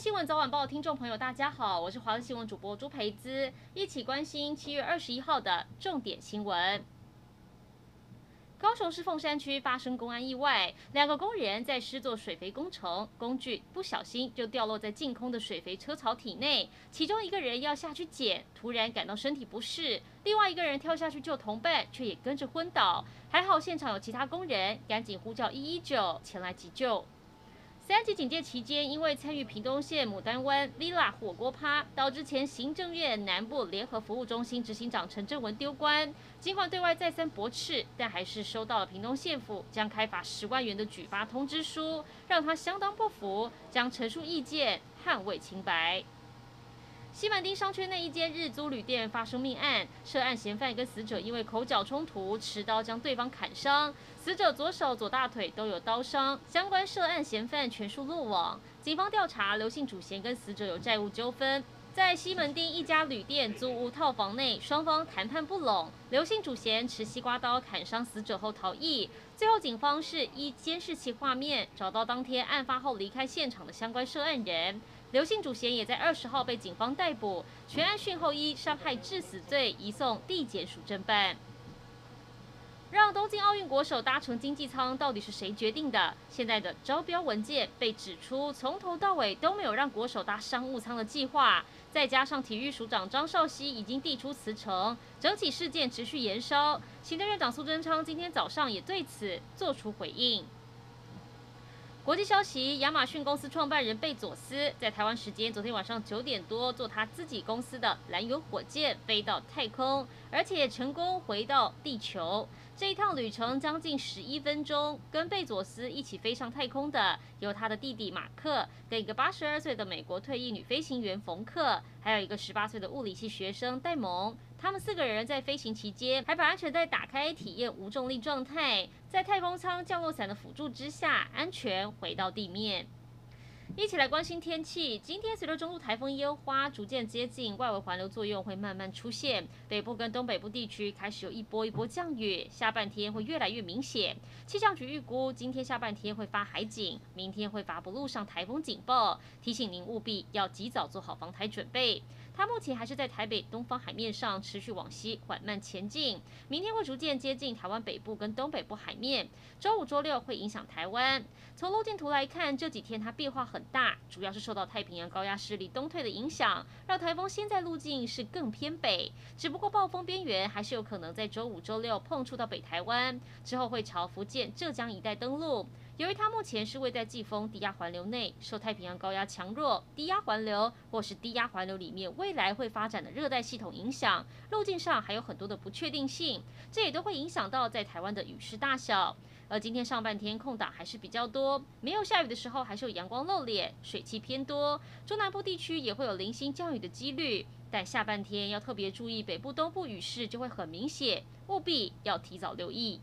新聞早晚報，聽眾朋友，大家好，我是華視新聞主播朱培姿，一起關心七月二十一號的重點新聞。高雄市鳳山區發生公安意外，兩個工人在施作水肥工程，工具不小心就掉落在淨空的水肥車槽體內，其中一個人要下去撿，突然感到身體不適，另外一個人跳下去救同伴，卻也跟着昏倒，還好現場有其他工人，趕緊呼叫一一九前來急救。三級警戒期間，因為參與屏東縣牡丹灣 Villa 火鍋趴，導致前行政院南部聯合服務中心執行長陳政聞丟官。儘管對外再三駁斥，但還是收到了屏東縣政府將開罰十萬元的舉發通知書，讓他相當不服，將陳述意見捍衛清白。西門町商圈內一間日租旅店發生命案，涉案嫌犯跟死者因為口角衝突，持刀將對方砍傷，死者左手、左大腿都有刀傷，相關涉案嫌犯全數落網。警方調查，劉姓主嫌跟死者有債務糾紛，在西門町一家旅店租屋套房內，雙方談判不攏，劉姓主嫌持西瓜刀砍傷死者後逃逸，最後警方是依監視器畫面找到當天案發後離開現場的相關涉案人。劉姓主嫌也在二十號被警方逮捕，全案訊後依傷害致死罪移送地檢署偵辦。讓東京奧運國手搭乘經濟艙，到底是誰決定的？現在的招標文件被指出，從頭到尾都沒有讓國手搭商務艙的計劃。再加上體育署長張少熙已經遞出辭呈，整起事件持續延燒。行政院長蘇貞昌今天早上也對此做出回應。國際消息：亞馬遜公司創辦人貝佐斯在台灣時間昨天晚上九點多，坐他自己公司的藍源火箭飛到太空，而且成功回到地球。這一趟旅程將近十一分鐘。跟貝佐斯一起飛上太空的，有他的弟弟馬克，跟一個八十二歲的美國退役女飛行員馮克，還有一個十八歲的物理系學生戴蒙。他們四個人在飛行期間還把安全帶打開，體驗無重力狀態，在太空艙降落傘的輔助之下，安全回到地面。一起來關心天氣。今天隨着中路颱風煙花逐漸接近，外圍環流作用會慢慢出現，北部跟東北部地區開始有一波一波降雨，下半天會越來越明顯。氣象局預估今天下半天會發海警，明天會發布陸上颱風警報，提醒您務必要及早做好防台準備。它目前還是在台北東方海面上持續往西緩慢前進，明天會逐漸接近台灣北部跟東北部海面，週五、週六會影響台灣。從路徑圖來看，這幾天它變化很大，主要是受到太平洋高壓勢力東退的影響，讓颱風現在路徑是更偏北。只不過暴風邊緣還是有可能在週五、週六碰觸到北台灣，之後會朝福建、浙江一帶登陸。由於它目前是位在季風低壓環流內，受太平洋高壓強弱、低壓環流或是低壓環流裡面未來會發展的熱帶系統影響，路徑上還有很多的不確定性，這也都會影響到在台灣的雨勢大小。而今天上半天空檔還是比較多，沒有下雨的時候還是有陽光露臉，水汽偏多，中南部地區也會有零星降雨的幾率。但下半天要特別注意北部、東部雨勢就會很明顯，務必要提早留意。